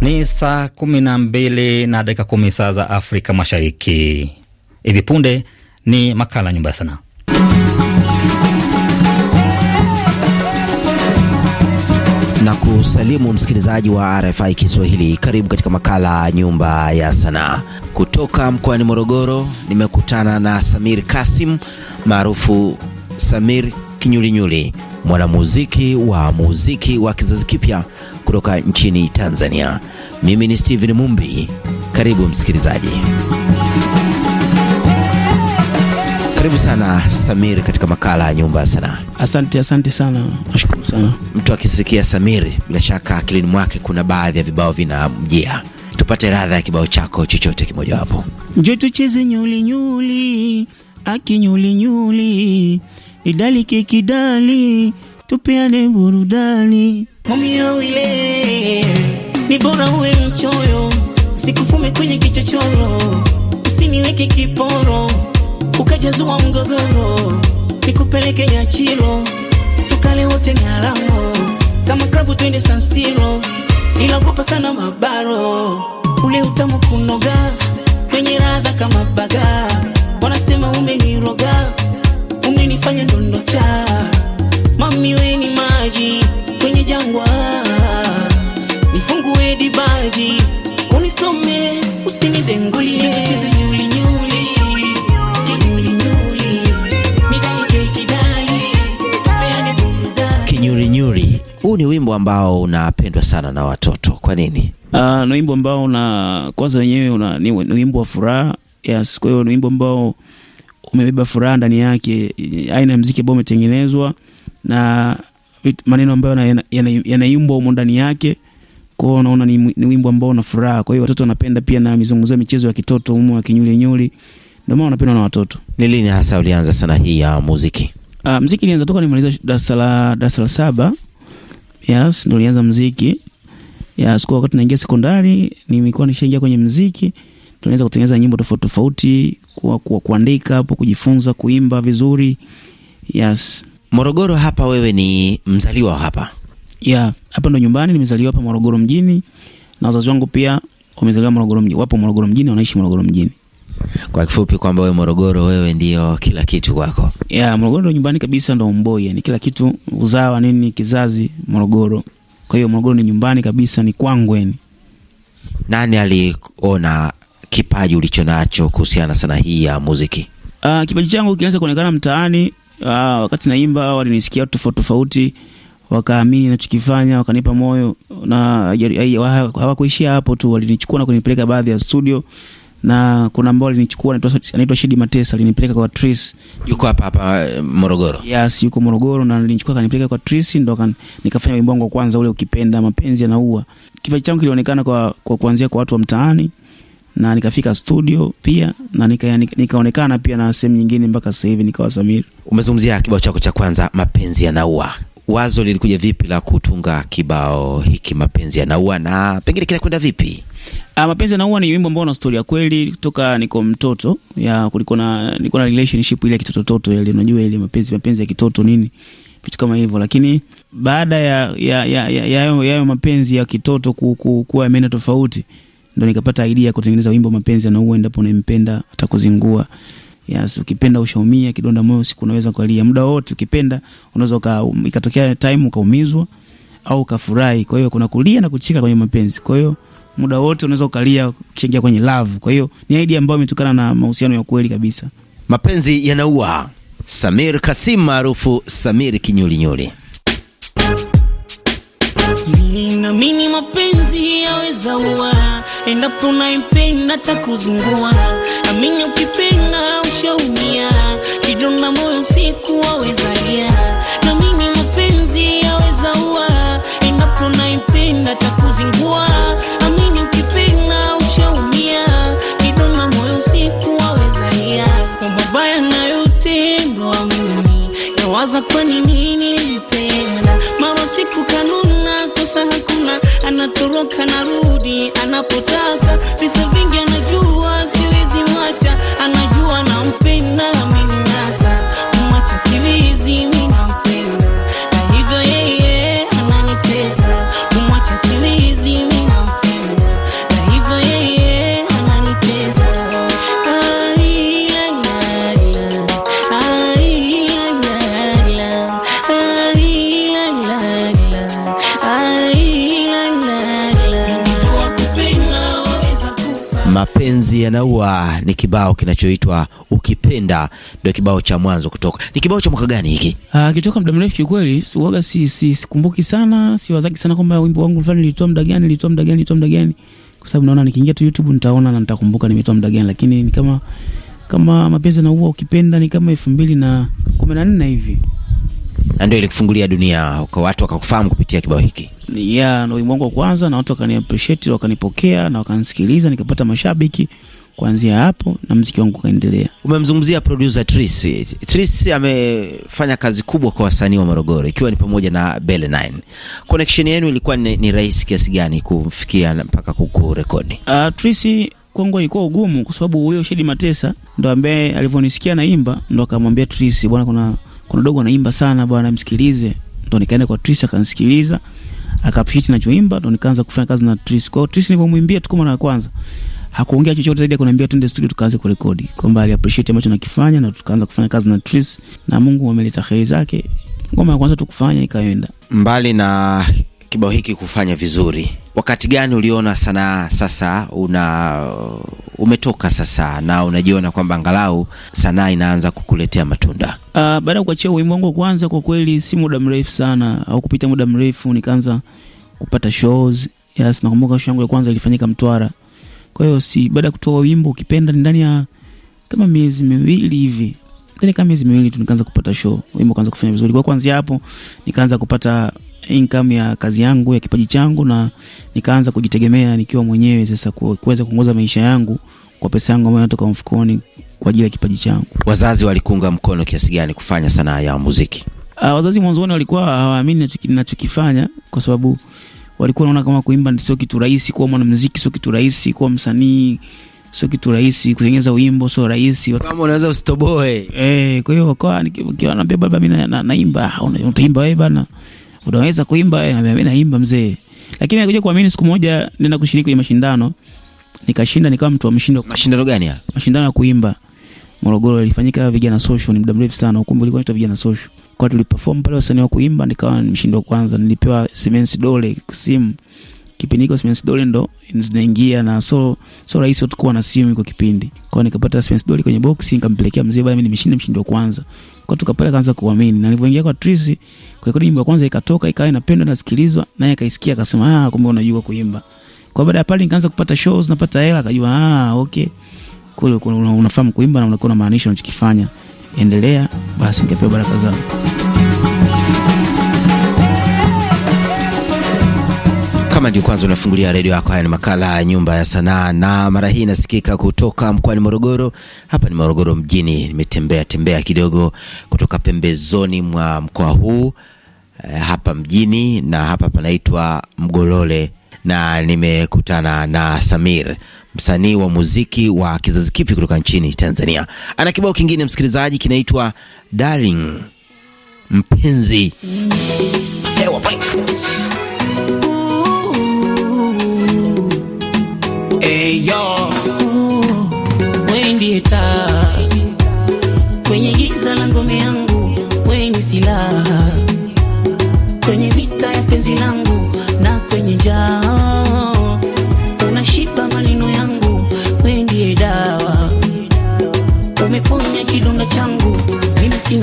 Ni saa kumi na mbili na dakika kumi saa za Afrika Mashariki. Hivi punde ni makala Nyumba ya Sanaa. na kusalimu msikilizaji wa RFI Kiswahili. Karibu katika makala nyumba ya sanaa. Kutoka mkoani Morogoro nimekutana na Samir Kasim maarufu Samir Kinyulinyuli, mwanamuziki wa muziki wa kizazi kipya kutoka nchini Tanzania. Mimi ni Steven Mumbi, karibu msikilizaji. Karibu sana Samir katika makala ya nyumba ya sanaa. Asante, asante sana, nashukuru sana. Mtu akisikia Samir, bila shaka akilini mwake kuna baadhi ya vibao vinamjia. Tupate radha ya kibao chako chochote kimojawapo. Njoo tucheze nyulinyuli, akinyulinyuli, idali kikidali tupiane burudani wile ni bora uwe mchoyo, sikufume kwenye kichochoro, usiniweke kiporo ukajazua mgogoro, nikupeleke Nyachiro tukale wote alamo kama krabu twende Sansiro, ila kupa sana mabaro, ule utamu kunoga kwenye radha kama baga, wanasema umeniroga, umenifanya chaa ninyamiweni maji kwenye jangwa, nifungue dibaji, unisome usinidengulie Kinyurinyuri. Huu ni wimbo ambao unapendwa sana na watoto. Kwa nini? Uh, ni wimbo ambao una kwanza wenyewe una, ni wimbo wa furaha yes. Kwa hiyo ni wimbo ambao umebeba furaha ndani yake, aina ya mziki ambao umetengenezwa na maneno ambayo yanaimbwa humo ndani yake kwao. Naona ni, ni wimbo ambao una furaha, kwa hiyo watoto wanapenda pia, na mizungumzia michezo ya kitoto humo ya kinyulinyuli, ndio maana wanapendwa na watoto. Ni lini hasa ulianza sana hii ya muziki? Uh, ah, mziki nilianza toka nimaliza darasa la darasa la saba. Yes, ndo nilianza mziki. Yes, kwa wakati naingia sekondari nilikuwa nishaingia kwenye mziki. tunaweza kutengeneza nyimbo tofauti tofauti, kwa kuandika hapo, kujifunza kuimba vizuri. Yes. Morogoro hapa, wewe ni mzaliwa hapa? Yeah, hapa ndo nyumbani, nimezaliwa hapa Morogoro mjini na wazazi wangu pia wamezaliwa Morogoro mjini, wapo Morogoro mjini, wanaishi Morogoro mjini. Kwa kifupi kwamba wewe Morogoro, wewe ndio kila kitu kwako. Yeah, Morogoro ndo nyumbani kabisa, ndo mboi, yani kila kitu, uzawa nini, kizazi Morogoro. Kwa hiyo Morogoro ni nyumbani kabisa, ni kwangu yani. Nani aliona kipaji ulicho nacho kuhusiana sana hii ya muziki? Uh, kipaji changu kilianza kuonekana mtaani Aa, ah, wakati naimba walinisikia tofauti tofauti, wakaamini nachokifanya, wakanipa moyo na hawakuishia hapo tu, walinichukua na kunipeleka baadhi ya studio na kuna ambao alinichukua anaitwa Shidi Matesa, alinipeleka kwa Tris. Yuko hapa hapa Morogoro? Yes, yuko Morogoro, na alinichukua kanipeleka kwa Tris, ndo nikafanya wimbo wangu wa kwanza ule, ukipenda mapenzi yanaua. Kipaji changu kilionekana kwa, kwa kuanzia kwa watu wa mtaani na nikafika studio pia na nikaonekana nika, pia na sehemu nyingine mpaka sasa hivi nikawa Samir. Umezungumzia kibao chako cha kwanza mapenzi yanaua, wazo lilikuja vipi la kutunga kibao hiki mapenzi yanaua, na pengine kinakwenda vipi? Ah, mapenzi yanaua ni wimbo ambao una story ya kweli kutoka niko mtoto, ya kulikuwa na niko na relationship ile ya kitoto toto ile, unajua ile mapenzi mapenzi ya kitoto nini vitu kama hivyo, lakini baada ya ya ya, ya, ya, ya, ya mapenzi ya kitoto ku, ku, kuwa yameenda tofauti ndo nikapata idea ya kutengeneza wimbo mapenzi anaua endapo unampenda atakuzingua. Yes, ukipenda ushaumia, kidonda moyo siku unaweza kulia muda wote. Ukipenda unaweza um, ikatokea time ukaumizwa au ukafurahi. Kwa hiyo kuna kulia na kucheka kwenye mapenzi, kwa hiyo muda wote unaweza ukalia ukishaingia kwenye love. Kwa hiyo ni idea ambayo imetokana na mahusiano ya kweli kabisa. Mapenzi yanaua, Samir Kasim maarufu Samir Kinyulinyuli. Ninaamini mapenzi yaweza ua endapo unaipenda takuzungua, amini ukipenda ushaumia, kidonda moyo siku wawezalia, na mimi mapenzi yaweza ua, endapo unaipenda takuzingua, amini ukipenda ushaumia, kidonda moyo siku wawezalia, kwa mabaya na yote ndo amini, nini nilipenda, mara siku kanuna, kosa hakuna, anatoroka na ruu puta yanaua ni kibao kinachoitwa Ukipenda, ndio kibao cha mwanzo kutoka. Ni kibao cha mwaka gani hiki? Ah, kitoka muda mrefu kiukweli, uoga si si sikumbuki sana, siwazaki sana kwamba wimbo wangu fulani nilitoa muda gani, nilitoa muda gani, nilitoa muda gani, kwa sababu naona nikiingia tu YouTube nitaona na nitakumbuka nimetoa muda gani, lakini ni kama kama mapenzi yanaua ukipenda ni kama elfu mbili na kumi na nne hivi na ndio ilikufungulia dunia kwa watu wakakufahamu kupitia kibao hiki. Yeah, ndio wimbo wangu wa kwanza na watu wakani appreciate, wakanipokea na wakanisikiliza, nikapata mashabiki kuanzia hapo na mziki wangu ukaendelea. Umemzungumzia producer Tris. Tris amefanya kazi kubwa kwa wasanii wa Morogoro ikiwa ni pamoja na Bele 9. Connection yenu ilikuwa ni, ni rahisi kiasi gani kumfikia mpaka kukurekodi? Uh, ah, Tris kwangu ilikuwa ugumu kwa sababu huyo Shedi Matesa ndo ambaye alivyonisikia naimba ndo akamwambia Tris, bwana kuna kuna dogo anaimba sana bwana, msikilize. Ndo nikaenda kwa Tris akanisikiliza akapishiti nachoimba ndo nikaanza kufanya kazi na Tris. Kwa hiyo Tris nilivyomwimbia tu kama na kwanza hakuongea chochote zaidi ya kuniambia twende studio tukaanze kurekodi, kwamba ali appreciate ambacho nakifanya na tukaanza kufanya kazi na Tris, na Mungu ameleta heri zake. Ngoma ya kwanza tukufanya ikaenda mbali. Na kibao hiki kufanya vizuri, wakati gani uliona sanaa sasa una umetoka sasa na unajiona kwamba angalau sanaa inaanza kukuletea matunda? Uh, baada ya kuachia wimbo wangu wa kwanza, kwa kweli si muda mrefu sana au kupita muda mrefu, nikaanza kupata shows. Yes, nakumbuka show yangu ya kwanza ilifanyika Mtwara kwa hiyo si baada ya kutoa wimbo, ukipenda, ndani ya kama miezi miwili hivi, ndani kama miezi miwili tu nikaanza kupata show, wimbo kaanza kufanya vizuri. Kwa kuanzia hapo nikaanza kupata income ya kazi yangu ya kipaji changu, na nikaanza kujitegemea nikiwa mwenyewe sasa, kuweza kuongoza maisha yangu kwa pesa yangu ambayo natoka mfukoni kwa ajili ya kipaji changu. Wazazi walikuunga mkono kiasi gani kufanya sanaa ya muziki? Uh, wazazi mwanzoni walikuwa hawaamini uh, ninachokifanya kwa sababu walikuwa naona kama kuimba sio kitu rahisi, kuwa mwanamuziki sio kitu rahisi, kuwa msanii sio kitu rahisi, kutengeneza wimbo sio rahisi, kama unaweza usitoboe eh. Kwa hiyo wakawa nikiwa naambia baba, mimi naimba. Ah, utaimba wewe bana, unaweza kuimba? Eh, mimi naimba mzee. Lakini nikuja kuamini, siku moja nenda kushiriki kwenye mashindano, nikashinda, nikawa mtu wa mshindo. Mashindano gani haya? Mashindano ya kuimba Morogoro, ilifanyika Vijana Social, ni muda mrefu sana, ukumbi ulikuwa unaitwa Vijana Social kwa tuliperform pale wasanii wa kuimba, nikawa mshindi wa kwanza, nilipewa Simensi Dole simu kipindi hiko Simensi Dole ndo zinaingia na so so rahisi tukuwa na simu iko kipindi. Kwa nikapata Simensi Dole kwenye box nikampelekea mzee, bwana mimi nimeshinda mshindi wa kwanza. Kwa tukapata kaanza kuamini. Na nilipoingia kwa tris kwa rekodi nyimbo ya kwanza ikatoka ikawa inapendwa na sikilizwa naye akaisikia akasema, ah, kumbe unajua kuimba. Kwa baada ya pale nikaanza kupata shows napata hela akajua, ah, okay. Kule unafahamu kuimba na unakuwa na maanisha unachokifanya endelea, basi ningepewa baraka zao. Kama ndio kwanza unafungulia redio yako, haya ni makala ya Nyumba ya Sanaa, na mara hii inasikika kutoka mkoani Morogoro. Hapa ni Morogoro mjini, nimetembea tembea kidogo kutoka pembezoni mwa mkoa huu e, hapa mjini, na hapa panaitwa Mgolole, na nimekutana na Samir msanii wa muziki wa kizazi kipi kutoka nchini Tanzania. Ana kibao kingine msikilizaji, kinaitwa Darling, mpenzi Hewa Vibes. Hey, yo. Ooh,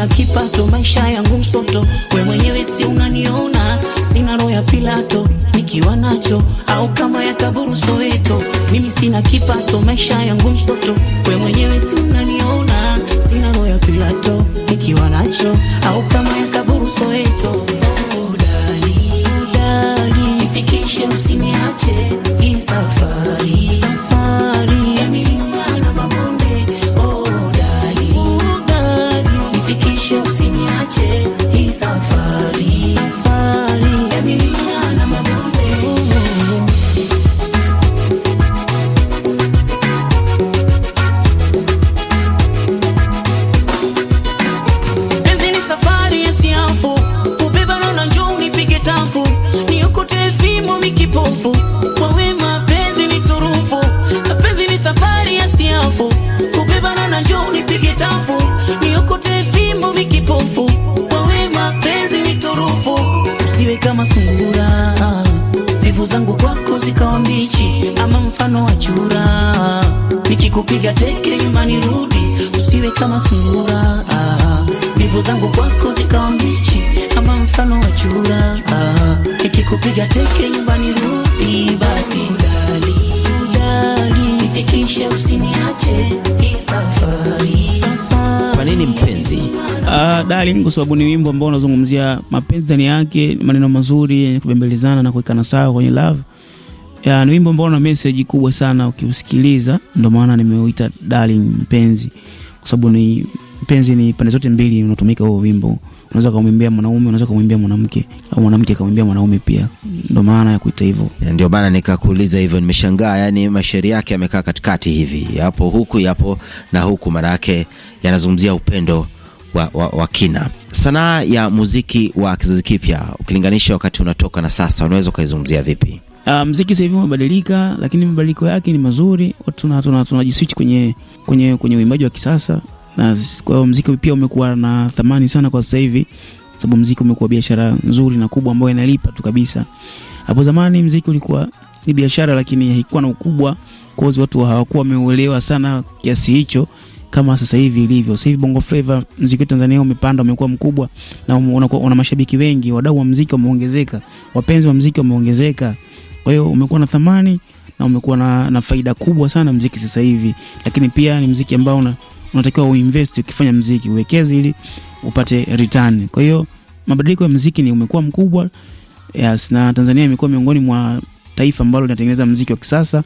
sina kipato, maisha yangu msoto, we mwenyewe si unaniona, sina roho ya Pilato nikiwa nacho au kama ya kaburu Soweto. Mimi sina kipato, maisha yangu msoto, we mwenyewe si unaniona, sina roho ya Pilato nikiwa nacho au kama kama sungura, vivu zangu kwako zikawa mbichi, ama mfano wa chura. Nikikupiga teke nyuma nirudi, usiwe kama sungura, vivu zangu kwako zikawa mbichi, ama mfano wa chura. Nikikupiga teke nyuma nirudi, basi udali, udali, nifikishe usiniache hii safari nini mpenzi? Uh, darling, kwa sababu ni wimbo ambao unazungumzia mapenzi ndani yake, maneno mazuri yenye kubembelezana na kuwekana sawa kwenye love. Ya, ni wimbo ambao una message kubwa sana ukiusikiliza, ndio maana nimeuita darling mpenzi, kwa sababu ni mpenzi, ni pande zote mbili unatumika huo wimbo. Unaweza kumwimbia mwanaume, unaweza kumwimbia mwanamke, au mwanamke akamwimbia mwanaume pia. Ndio maana ya kuita hivyo, ndio maana nikakuuliza hivyo. Nimeshangaa, yani mashairi yake yamekaa katikati hivi, yapo huku, yapo na huku, maana yake yanazungumzia upendo wa, wa, wa kina. Sanaa ya muziki wa kizazi kipya ukilinganisha wakati unatoka na sasa, unaweza ukaizungumzia vipi? Uh, ah, mziki sasa hivi umebadilika, lakini mabadiliko yake ni mazuri. Tunajiswitch kwenye kwenye kwenye uimbaji wa kisasa, na kwa hiyo mziki pia umekuwa na thamani sana kwa sasa hivi, sababu mziki umekuwa biashara nzuri na kubwa ambayo inalipa tu kabisa. Hapo zamani mziki ulikuwa ni biashara, lakini haikuwa na ukubwa, kwa hiyo watu hawakuwa wameuelewa sana kiasi hicho kama sasa hivi ilivyo. Sasa hivi Bongo Flava muziki Tanzania umepanda, umekuwa mkubwa na una, mashabiki wengi, wadau wa muziki wameongezeka, wapenzi wa muziki wameongezeka. Kwa hiyo umekuwa na thamani na umekuwa na, na faida kubwa sana mziki sasa hivi, lakini pia ni mziki ambao una, unatakiwa uinvest ukifanya mziki uwekeze ili upate return. Kwa hiyo mabadiliko ya mziki ni umekuwa mkubwa yes, na Tanzania imekuwa miongoni mwa taifa ambalo linatengeneza mziki wa kisasa.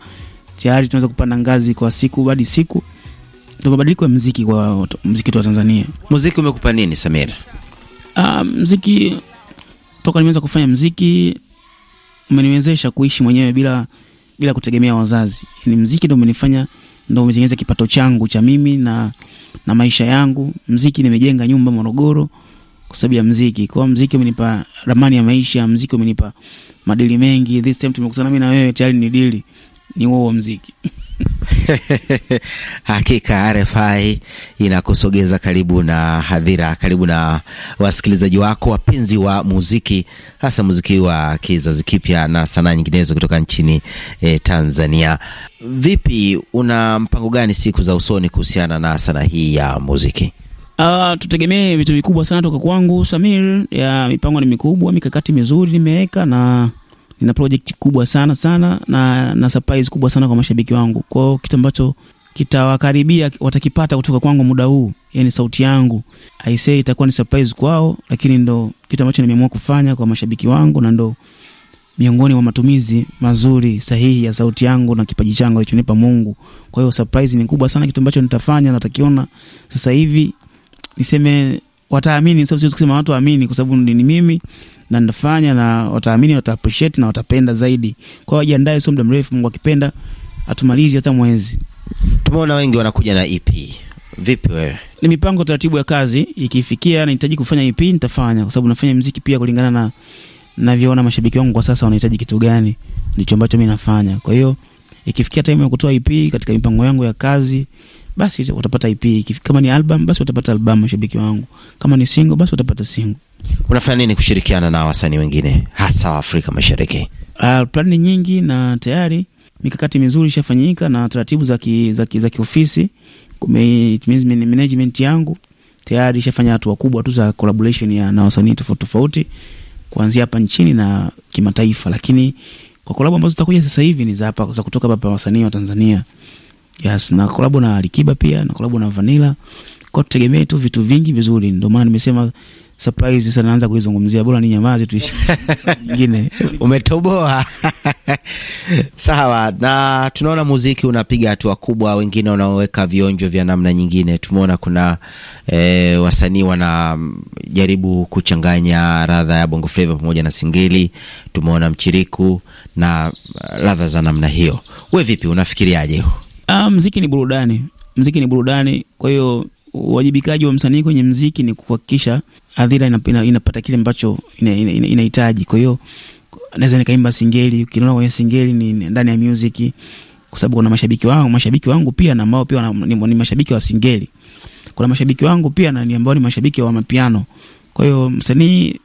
Tayari tunaweza kupanda ngazi kwa siku hadi siku ndio mabadiliko ya muziki kwa muziki wa Tanzania. Muziki umekupa nini Samir? Uh, muziki toka nimeanza kufanya muziki umeniwezesha kuishi mwenyewe bila bila kutegemea wazazi. Yaani muziki ndio umenifanya ndio umetengeneza kipato changu cha mimi na na maisha yangu. Muziki nimejenga nyumba Morogoro kwa sababu ya muziki. Kwa muziki umenipa ramani ya maisha, muziki umenipa madili mengi. This time tumekutana mimi na wewe tayari ni dili. Ni wao muziki. Hakika RFI inakusogeza karibu na hadhira, karibu na wasikilizaji wako wapenzi wa muziki, hasa muziki wa kizazi kipya na sanaa nyinginezo kutoka nchini e, Tanzania. Vipi, una mpango gani siku za usoni kuhusiana na sanaa hii ya muziki? Uh, tutegemee vitu vikubwa sana toka kwangu Samir. Ya mipango ni mikubwa, mikakati mizuri nimeweka na nina project kubwa sana sana na, na surprise kubwa sana kwa mashabiki wangu kwao, kitu ambacho kitawakaribia watakipata kutoka kwangu muda huu, yani sauti yangu aisee, itakuwa ni surprise kwao, lakini ndo kitu ambacho nimeamua kufanya kwa mashabiki wangu na ndo miongoni mwa matumizi mazuri sahihi ya sauti yangu na kipaji changu alichonipa Mungu. Kwa hiyo surprise ni kubwa sana, kitu ambacho nitafanya na takiona sasa hivi niseme wataamini, sababu siwezi kusema watu waamini kwa sababu ni mimi na nitafanya na wataamini, wata appreciate na watapenda zaidi. Kwa wajiandae, sio muda mrefu, Mungu akipenda atumalizi hata mwezi. Tumeona wengi wanakuja na EP. Vipi wewe? Ni mipango taratibu ya kazi, ikifikia nahitaji kufanya EP nitafanya, kwa sababu nafanya muziki pia kulingana na navyoona mashabiki wangu kwa sasa wanahitaji kitu gani, ndicho ambacho mimi nafanya. Kwa hiyo ikifikia time ya kutoa EP katika mipango yangu ya kazi, basi utapata EP. Kama ni album, basi utapata album mashabiki wangu. Kama ni single, basi utapata single. Unafanya nini kushirikiana na wasanii wengine hasa wa Afrika Mashariki? Uh, ah, plani nyingi na tayari mikakati mizuri ishafanyika na taratibu za za kiofisi. Management yangu tayari ishafanya hatua kubwa tu za collaboration ya na wasanii tofauti tofauti kuanzia hapa nchini na kimataifa, lakini kwa kolabo ambazo zitakuja sasa hivi ni za hapa za kutoka hapa wasanii wa Tanzania. Yes, na kolabo na Alikiba pia na kolabo na Vanilla. Kwa tutegemee tu vitu vingi vizuri, ndio maana nimesema surprise sasa naanza kuizungumzia, bora ni nyamazi tuishi nyingine. Umetoboa. Sawa, na tunaona muziki unapiga hatua kubwa, wengine wanaoweka vionjo vya namna nyingine. Tumeona kuna e, wasanii wanajaribu kuchanganya ladha ya bongo flava pamoja na singeli. Tumeona mchiriku na ladha za namna hiyo. We vipi, unafikiriaje? Ah, mziki ni burudani, mziki ni burudani. Kwa hiyo uwajibikaji wa msanii kwenye mziki ni kuhakikisha hadhira inapata ina, ina kile ambacho inahitaji. ina, ina, ina Kwa hiyo naweza nikaimba singeli, ukiniona kwenye singeli ni ndani ya music, kwa sababu kuna mashabiki wangu, mashabiki wangu pia na ambao pia ni, ni mashabiki wa singeli. Kuna mashabiki wangu pia na ni ambao ni mashabiki wa mapiano. Kwa hiyo msanii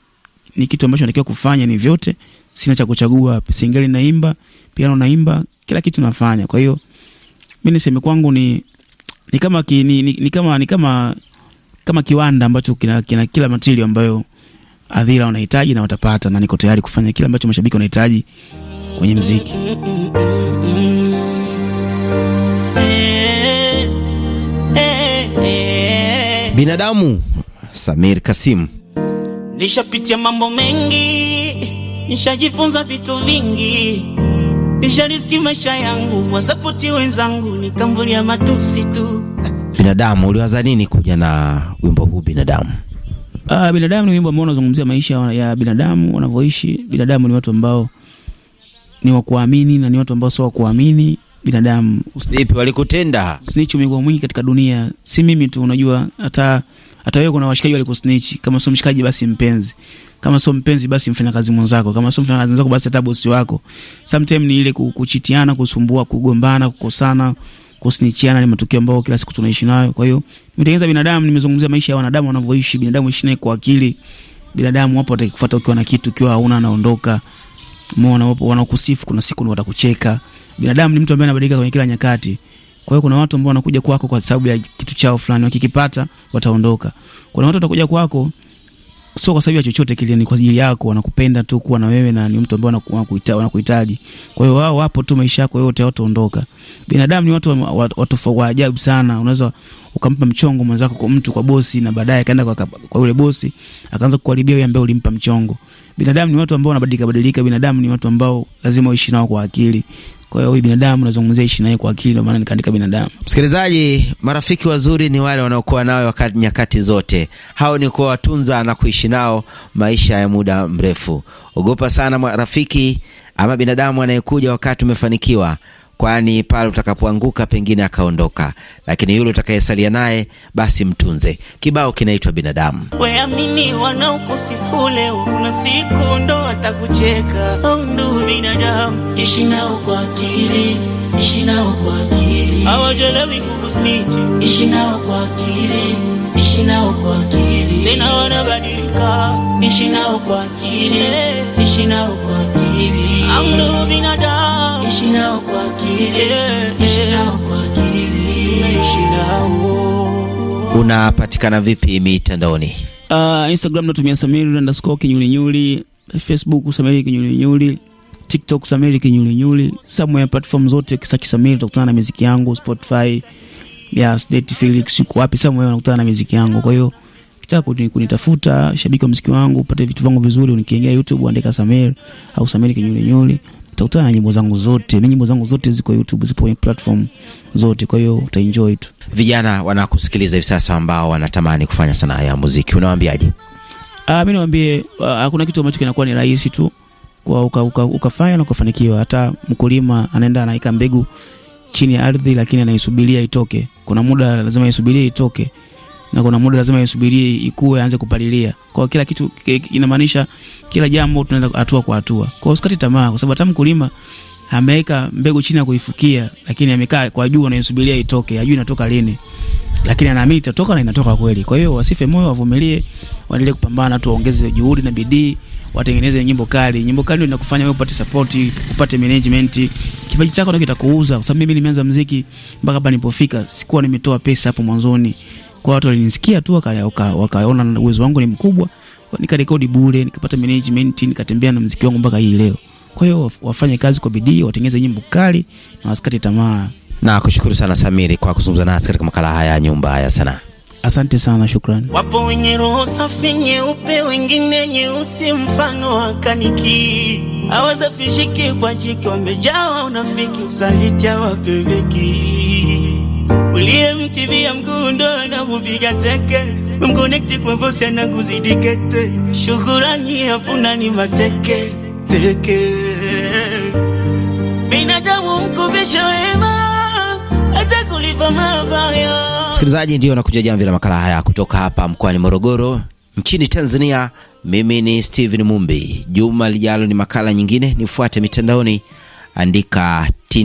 ni kitu ambacho natakiwa kufanya ni vyote, sina cha kuchagua. Singeli naimba, piano naimba, kila kitu nafanya. Kwa hiyo mimi niseme kwangu ni ni kama ki, ni, ni, ni kama ni kama kama kiwanda ambacho kina, kina kila matirio ambayo adhira wanahitaji na watapata, na niko tayari kufanya kila ambacho mashabiki wanahitaji kwenye mziki. Binadamu Samir Kasim. Nishapitia mambo mengi, nishajifunza vitu vingi, nishariski maisha yangu. Wasapoti wenzangu ni kamburi ya matusi tu Binadamu, uliwaza nini kuja na wimbo huu binadamu? Uh, binadamu ni wimbo ambao unazungumzia maisha ya binadamu wanavyoishi. Binadamu ni watu ambao ni wa kuamini na ni watu ambao sio wa kuamini. Binadamu usipi walikutenda snitch, umekuwa mwingi katika dunia, si mimi tu. Unajua hata hata wewe kuna washikaji walikusnitch. Kama sio mshikaji, basi mpenzi. Kama sio mpenzi, basi mfanyakazi mwenzako. Kama sio mfanyakazi mwenzako, basi hata bosi wako. Sometimes ni ile kuchitiana, kusumbua, kugombana, kukosana kusnichiana ni matukio ambayo kila siku tunaishi nayo. Kwa hiyo nimetengeneza binadamu, nimezungumzia maisha ya wanadamu wanavyoishi. Binadamu ishi naye kwa akili, binadamu wapo watakufuata ukiwa na kitu, ukiwa hauna anaondoka. Umeona, wapo wanakusifu, kuna siku ni watakucheka. Binadamu ni mtu ambaye anabadilika kwenye kila nyakati. Kwa hiyo kuna watu ambao wanakuja kwako kwa sababu ya kitu chao fulani, wakikipata wataondoka. Kuna watu watakuja kwako sio kwa sababu ya chochote kile, ni kwa ajili yako, wanakupenda tu kuwa na wewe na ni mtu ambaye wanakuhitaji. Kwa hiyo wao wapo tu maisha yako yote, wataondoka. Binadamu ni watu wa, wa, wa, wa ajabu sana. Unaweza ukampa mchongo mwenzako kwa mtu kwa bosi, na baadaye akaenda kwa, kwa yule bosi akaanza kukuharibia yeye ambaye ulimpa mchongo. Binadamu ni watu ambao wanabadilika badilika. Binadamu ni watu ambao lazima uishi nao kwa akili. Kwa hiyo huyu binadamu nazungumzia, ishi naye kwa akili, ndio maana nikaandika binadamu. Msikilizaji, marafiki wazuri ni wale wanaokuwa nawe wakati nyakati zote, hao ni kuwatunza na kuishi nao maisha ya muda mrefu. Ogopa sana marafiki ama binadamu anayekuja wakati umefanikiwa kwani pale utakapoanguka pengine akaondoka, lakini yule utakayesalia naye basi mtunze. Kibao kinaitwa Binadamu. Weamini wanaokusifu leo, kuna siku ndo atakucheka. Au oh, ndu binadamu, ishi nao kwa akili, ishi nao kwa akili. Hawajalewi kukusniti, ishi nao kwa akili, ishi nao kwa akili. Tena wanabadilika, ishi nao kwa akili, ishi nao kwa akili. Au ndu binadamu Ishi nao kwa akili, ishi nao kwa akili, ishi nao. Unapatikana vipi mitandaoni? Uh, Instagram natumia Samiri underscore nyuli, Facebook Samiri nyuli, TikTok Samiri kinyulinyuli, somewhere platform zote kisa kisamiri utakutana na muziki yangu, Spotify ya State Felix yuko wapi, somewhere unakutana na muziki yangu. Kwa hiyo kitaka kunitafuta, shabiki wa muziki wangu, upate vitu vangu vizuri, unikiingia YouTube andika Samiri au Samiri kinyuli nyuli, utakutana na nyimbo zangu zote. Mimi nyimbo zangu zote ziko YouTube, zipo kwenye platform zote, kwa hiyo utaenjoy tu. Vijana wanakusikiliza hivi sasa ambao wanatamani kufanya sanaa ya muziki, unawaambiaje? Ah, mimi niwaambie ah, hakuna kitu ambacho kinakuwa ni rahisi tu kwa uka, uka, ukafanya na ukafanikiwa. Hata mkulima anaenda anaika mbegu chini ya ardhi, lakini anaisubiria itoke. Kuna muda lazima isubirie itoke na kuna muda lazima isubirie ikue, aanze kupalilia. kwao kila kitu inamaanisha kila jambo tunaenda hatua kwa hatua. kwao usikate tamaa, kwa sababu hata mkulima ameweka mbegu chini ya kuifukia, lakini amekaa kwa juu anaisubiria itoke, ajui inatoka lini, lakini anaamini itatoka na inatoka kweli. Kwa hiyo wasife moyo, wavumilie, waendelee kupambana tu, waongeze juhudi na bidii, watengeneze nyimbo kali. Nyimbo kali ndio inakufanya wewe upate support, upate management, kipaji chako ndio kitakuuza. Kwa sababu mimi nimeanza muziki mpaka hapa nilipofika, sikuwa nimetoa pesa hapo mwanzoni kwa watu walinisikia tu wakaona uwezo wangu ni mkubwa, nikarekodi bure, nikapata management, nikatembea na mziki wangu mpaka hii leo. Kwa hiyo wafanye kazi kwa bidii, watengeze nyimbo kali na wasikate tamaa. Na kushukuru sana Samiri kwa kuzungumza nasi katika makala haya ya Nyumba ya Sanaa. Asante sana, shukrani. Wapo wenye roho safi nyeupe, wengine nyeusi, mfano wa kaniki awasafishiki kwa jiki, wamejawa unafiki, usaliti awapembeki mtivi ya ndo na upiga teke, Mkonekti kwa vosi anakuzidi kete, shukurani hafuna ni mateke teke. Binadamu mkubisha wema Ata kulipa mabaya. Sikilizaji, ndiyo nakuja jamvi la makala haya kutoka hapa mkoani Morogoro nchini Tanzania. Mimi ni Steven Mumbi. Juma lijalo ni makala nyingine, nifuate mitandaoni, andika tini